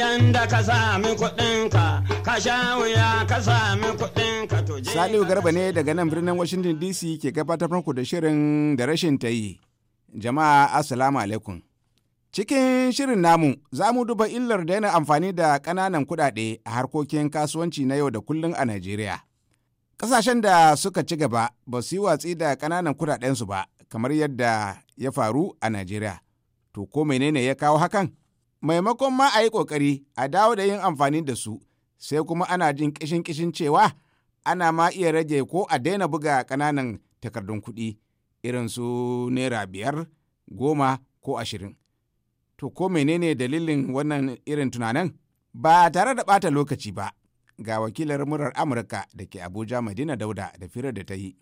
bayan da ka sami kuɗinka ka sha wuya ka sami kuɗinka to je Saliu Garba ne daga nan birnin Washington DC ke gabatar muku da shirin da rashin ta yi. Jama'a Assalamu alaikum. Cikin shirin namu za mu duba illar daina amfani da ƙananan kuɗaɗe a harkokin kasuwanci na yau da kullun a Najeriya. Ƙasashen da suka ci gaba ba su yi watsi da ƙananan kuɗaɗensu ba kamar yadda ya faru a Najeriya. To ko menene ya kawo hakan? maimakon ma a yi ƙoƙari a dawo da yin amfani da su sai kuma ana jin kishin kishin cewa ana ma iya rage ko a daina buga ƙananan takardun kuɗi irin su naira biyar goma ko ashirin to ko menene dalilin wannan irin tunanin ba tare da bata lokaci ba ga wakilar murar amurka da ke abuja madina dauda da firar da ta yi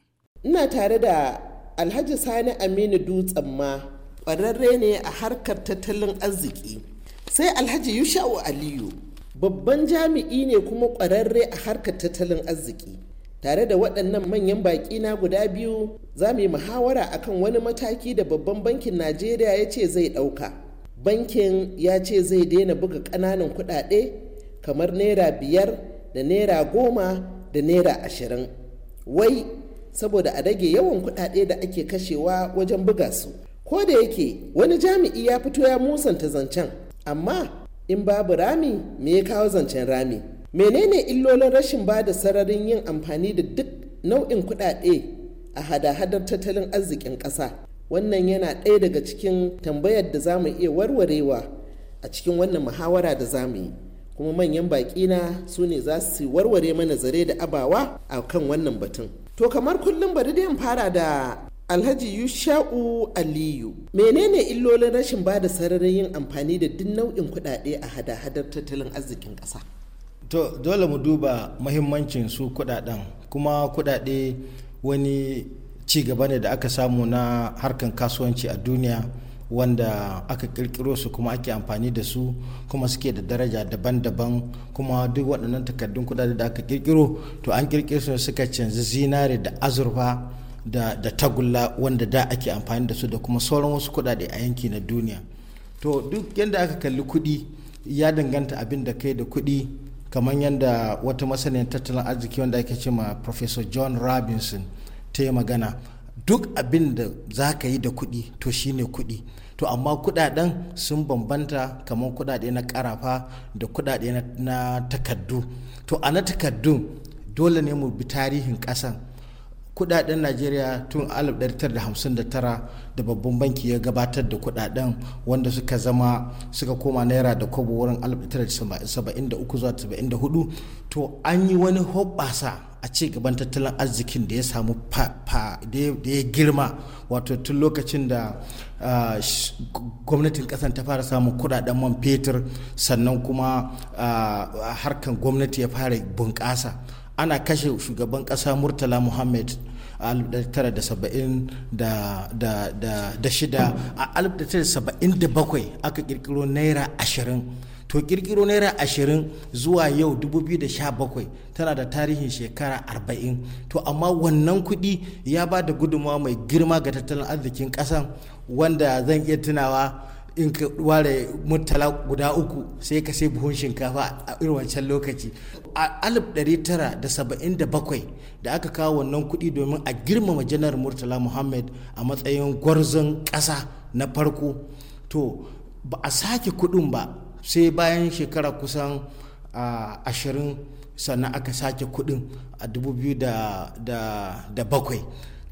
ina tare da alhaji sani aminu dutsen ma ƙwararre ne a harkar tattalin arziki sai alhaji yusha'u aliyu babban jami'i ne kuma ƙwararre a harkar tattalin arziki tare da waɗannan manyan baƙi na guda biyu za mu yi muhawara akan wani mataki da babban bankin najeriya ya ce zai ɗauka bankin ya ce zai daina buga ƙananan kuɗaɗe kamar naira biyar da naira goma da naira ashirin wai saboda a rage yawan kuɗaɗe da ake kashewa wajen buga su ko da yake wani jami'i ya fito ya musanta zancen amma in babu rami me ya kawo zancen rami menene illolin rashin ba da sararin yin amfani da duk nau'in kudade a hada-hadar tattalin arzikin ƙasa wannan yana ɗaya daga cikin tambayar da za mu iya warwarewa a cikin wannan muhawara da za mu yi kuma manyan baƙi na su ne za su warware mana zare da abawa a kan wannan batun to kamar kullum bari da fara da Alhaji Yusha'u Aliyu. Menene illolin rashin ba da sararin yin amfani da duk nau'in kuɗaɗe a hada-hadar tattalin arzikin ƙasa? To dole mu duba mahimmancin su kuɗaɗen kuma kudade wani ci gaba ne da aka samu na harkar kasuwanci a duniya wanda aka kirkiro su kuma ake amfani da su kuma suke da daraja daban-daban kuma duk waɗannan takardun kudade da aka kirkiro to an kirkiro su suka canza zinare da azurfa da, da tagulla wanda da ake amfani da su da kuma sauran wasu kudade a yanki na duniya to duk yadda aka kalli kuɗi ya danganta abin da kai da kuɗi kamar yadda wata masaniyar tattalin arziki wanda ake ce ma professor john robinson ta yi magana duk abin da za ka yi da kuɗi to shine kuɗi to amma kudaden sun bambanta kamar kudade na karafa da kudade na takardu to a na takardun dole ne mu bi tarihin kasan. kudaden najeriya tun 1959 da babban banki ya gabatar da kudaden wanda suka zama suka koma naira da kobo wurin 1973 zuwa 74 to an yi wani hoɓasa a ci gaban tattalin arzikin da ya samu da ya girma wato tun lokacin da ah, gwamnatin kasan ta fara samun kudaden man fetur sannan kuma ah, harkan gwamnati ya fara bunƙasa ana kashe shugaban kasa murtala muhammad a 1976 a 1977 aka kirkiro naira 20 to kirkiro naira 20 zuwa yau 2017 tana da tarihin shekara 40 to amma wannan kuɗi ya ba da gudunmawa mai girma ga tattalin arzikin kasan wanda zan iya tunawa in ka ware murtala guda uku sai ka sai buhun shinkafa a irin wancan lokaci a tara da bakwai da aka kawo wannan kuɗi domin a girmama janar murtala muhammad a matsayin gwarzon ƙasa na farko to ba a sake kuɗin ba sai bayan shekara kusan ashirin sannan aka sake kuɗin a da bakwai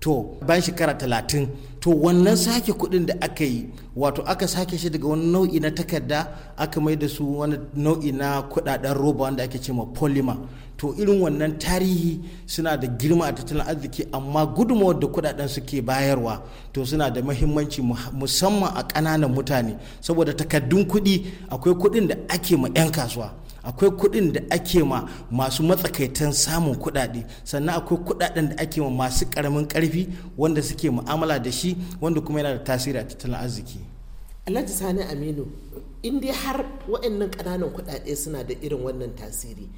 to ban shekara talatin to wannan sake kuɗin da aka yi wato aka sake shi daga wani nau'i na takarda aka mai da su wani nau'i na kuɗaɗen roba wanda ake cewa ma polymer to irin wannan tarihi suna da girma a tattalin arziki amma gudunmawar da kudaden suke bayarwa to suna da mahimmanci musamman a ƙananan mutane saboda takaddun kuɗi akwai kuɗin da ake ma 'yan kasuwa akwai kuɗin da ake ma masu matsakaitan samun kuɗaɗe sannan akwai kuɗaɗen da ake ma masu karamin karfi wanda suke mu'amala da shi wanda kuma yana da tasiri a tattalin arziki alhaji sani aminu in dai har waɗannan kananan kuɗaɗe suna da irin wannan tasiri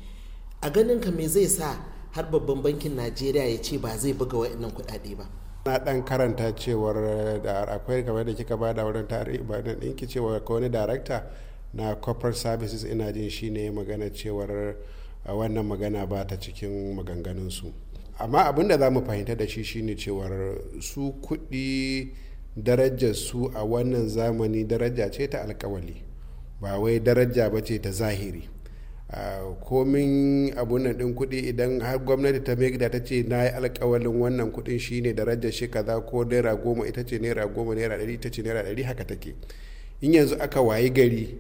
a ganin ka me zai sa har babban bankin najeriya ya ce ba zai buga waɗannan kuɗaɗe ba na dan karanta cewar da akwai kamar da kika bada wurin tarihi ba ɗinki cewa ko wani darakta na corporate services ina jin shi ne magana cewar wannan magana ba ta cikin maganganunsu amma abin da za mu fahimta da shi shine cewar su kuɗi darajar su a wannan zamani daraja ce ta alkawali ba wai daraja ba ce ta zahiri komin abun nan ɗin kuɗi idan har gwamnati ta megida ta ce na yi alkawalin wannan kuɗin shine darajar shi kaza ko naira goma ita ce naira goma naira ɗari ita ce naira ɗari haka take in yanzu aka wayi gari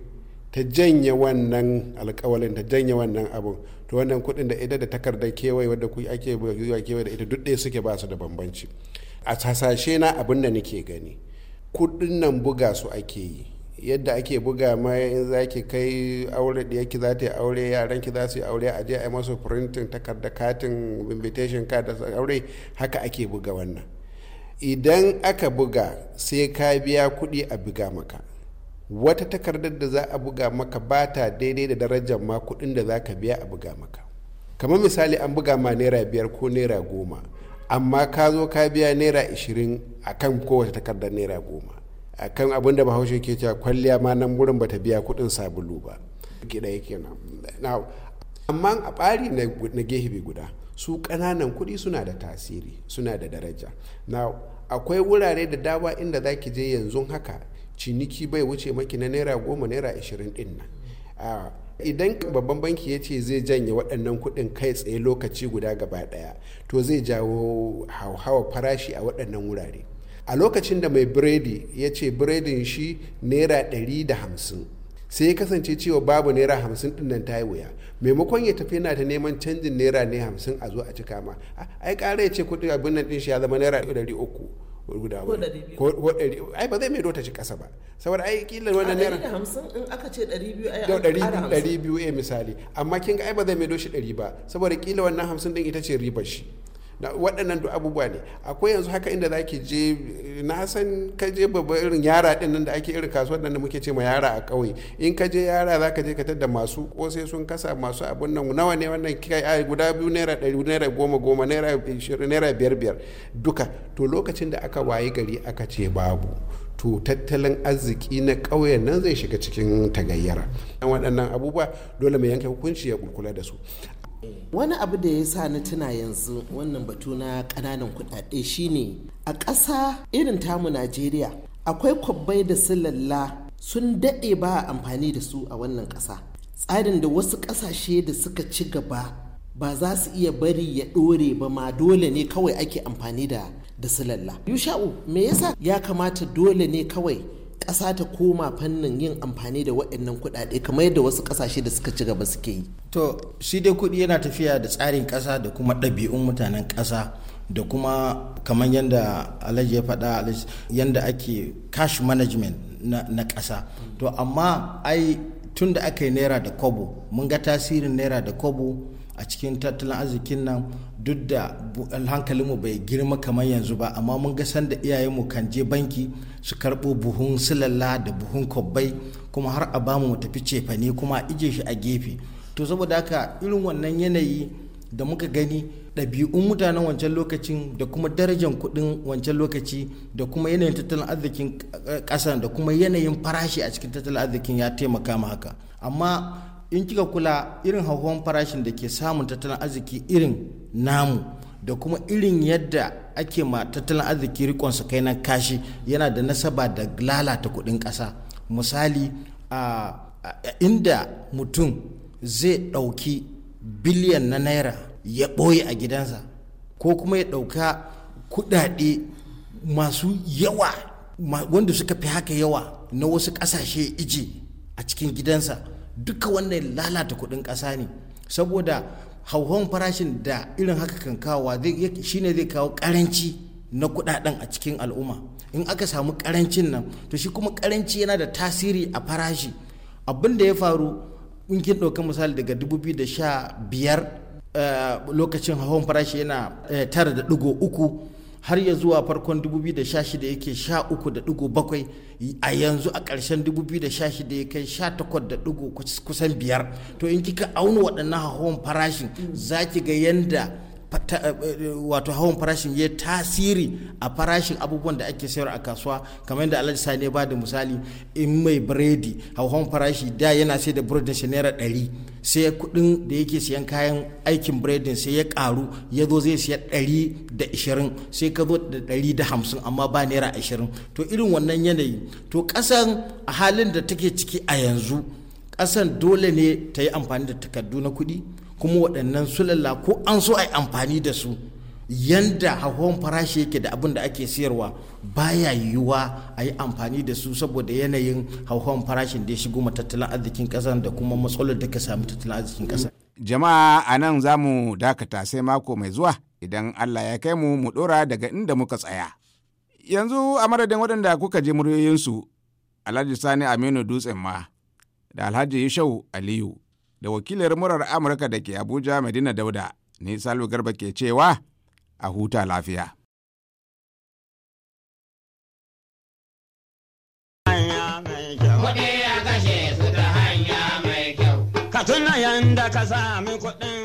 ta janye wannan alkawalin ta janye wannan abun to wannan kuɗin da ita da takardar kewaye wadda ku ake zuwa kewaye da ita duk ɗaya suke ba su da bambanci a hasashe na abin da nake gani kuɗin nan buga su ake yi yadda ake buga ma in za ki kai aure da yake za ta yi aure yaran ki za su yi aure a je a yi masu printin takarda katin invitation card da aure haka ake buga wannan idan aka buga sai ka biya kuɗi a buga maka wata takardar da za a buga maka ba ta daidai da darajar ma kuɗin da za ka biya a buga maka kamar misali an buga ma naira biyar ko naira goma amma ka zo ka biya naira ishirin a kan kowace takardar naira goma a kan abin da bahaushe ke cewa kwalliya ma nan wurin ba ta biya kuɗin sabulu ba gida amma a ɓari na gehe guda su ƙananan kuɗi suna da tasiri suna da daraja na akwai wurare da dawa inda zaki je yanzu haka ciniki bai wuce maki na naira goma naira ashirin din nan idan babban banki ya ce zai janye waɗannan kuɗin kai tsaye lokaci guda gaba ɗaya to zai jawo hauhawa farashi a waɗannan wurare a lokacin da mai biredi ya ce biredin shi naira ɗari da hamsin sai ya kasance cewa babu naira hamsin ɗin nan ta yi wuya maimakon ya tafi yana ta neman canjin naira ne hamsin a zo a cika ma ai ƙara ya ce kuɗi abin nan ɗin shi ya zama naira ɗari uku guda ko ɗari ai ba zai mai dota ci kasa ba saboda ai kila wannan naira a hamsin in aka ce ɗari biyu ai an ɗari biyu eh misali amma kin ga ai ba zai mai doshi ɗari ba saboda kila wannan hamsin ɗin ita ce ribar shi waɗannan duk abubuwa ne akwai yanzu haka inda za ki je na san ka je babba irin yara ɗin nan da ake irin kasuwar nan da muke ce ma yara a ƙauye in ka je yara za ka je ka tadda masu kosai sun kasa masu abun nan nawa ne wannan kai guda biyu naira ɗari naira goma goma naira naira biyar biyar duka to lokacin da aka wayi gari aka ce babu to tattalin arziki na ƙauyen nan zai shiga cikin tagayyara waɗannan abubuwa dole mai yanke hukunci ya kulkula da su wani abu da ya sa ni tuna yanzu wannan batu na ƙananan kuɗaɗe shine a ƙasa irin tamu najeriya akwai kwabbai da silalla sun daɗe ba amfani da su a wannan ƙasa tsarin da wasu ƙasashe da suka ci gaba ba za su iya bari ya ɗore ba ma dole ne kawai ake amfani da da silalla yusha'u me yasa ya kamata dole ne kawai ƙasa ta koma fannin yin amfani da waɗannan kuɗaɗe kamar yadda wasu ƙasashe da suka ci gaba suke yi to shi dai kuɗi yana tafiya da tsarin ƙasa da kuma ɗabi'un mutanen ƙasa da kuma kamar yadda alhaji ya faɗa yadda ake cash management na ƙasa to amma ai tun da aka yi naira da kobo mun ga tasirin naira da kobo a cikin tattalin arzikin nan duk da hankalinmu bai girma kamar yanzu ba amma mun ga sanda iyayenmu kan je banki su karɓo buhun silalla da buhun kwabbai kuma har a bamu mu tafi cefane kuma a ije shi a gefe to saboda haka irin wannan yanayi da muka gani ɗabi'un mutanen wancan lokacin da kuma darajar kuɗin wancan lokaci da kuma yanayin tattalin arzikin ƙasa da kuma yanayin farashi a cikin tattalin arzikin ya taimaka ma haka amma in kika kula irin hauhawan farashin da ke samun tattalin arziki irin namu da kuma irin yadda ake ma tattalin arziki rikon su kai nan kashi yana da nasaba da lalata kuɗin ƙasa misali a inda mutum zai ɗauki biliyan na naira ya ɓoye a gidansa ko kuma ya ɗauka kuɗaɗe masu yawa wanda suka fi haka yawa na wasu ƙasashe iji a cikin gidansa duka wannan lalata kudin kasa ne saboda hauhawan farashin da irin haka kan kawowa shine zai kawo karanci na kudaden a cikin al'umma in aka samu karancin nan to shi kuma karanci yana da tasiri a farashi abin da ya faru in kin ɗauka misali daga 2015 eh, lokacin hauhawan farashi yana eh, tara da uku har ya zuwa farkon 2016 yake 13.7 a yanzu a ƙarshen 2016 ya kai 18.5 kusan biyar to in kika auna waɗannan hawan farashin za ki ga yanda Eh, eh, wato hawan farashin ya tasiri a farashin abubuwan da ake sayar a kasuwa kamar yadda alhaji sani ba da misali in mai biredi hawan farashi da yana sai da biredin shi naira ɗari sai kuɗin da yake siyan kayan aikin biredin sai ya ƙaru ya zo zai siya ɗari da ishirin sai ka zo da ɗari da hamsin amma ba naira ashirin to irin wannan yanayi to ƙasan a halin da take ciki a yanzu ƙasan dole ne ta yi amfani da takardu na kuɗi kuma waɗannan sulalla ko an so a yi amfani da su yanda hauhawan farashi yake da abin da ake sayarwa baya yiwuwa a yi amfani da su saboda yanayin hauhawan farashin da ya shigo ma tattalin arzikin ƙasar da kuma matsalar da ka sami tattalin arzikin ƙasar. jama'a a nan za mu dakata sai mako mai zuwa idan allah ya kai mu mu ɗora daga inda muka tsaya yanzu a madadin waɗanda kuka je muryoyinsu alhaji sani aminu dutsen ma da alhaji yushau aliyu da wakilar murar amurka da ke abuja madina dauda ni salu garba ke cewa a huta lafiya Ka tuna yanda ka sami kuɗin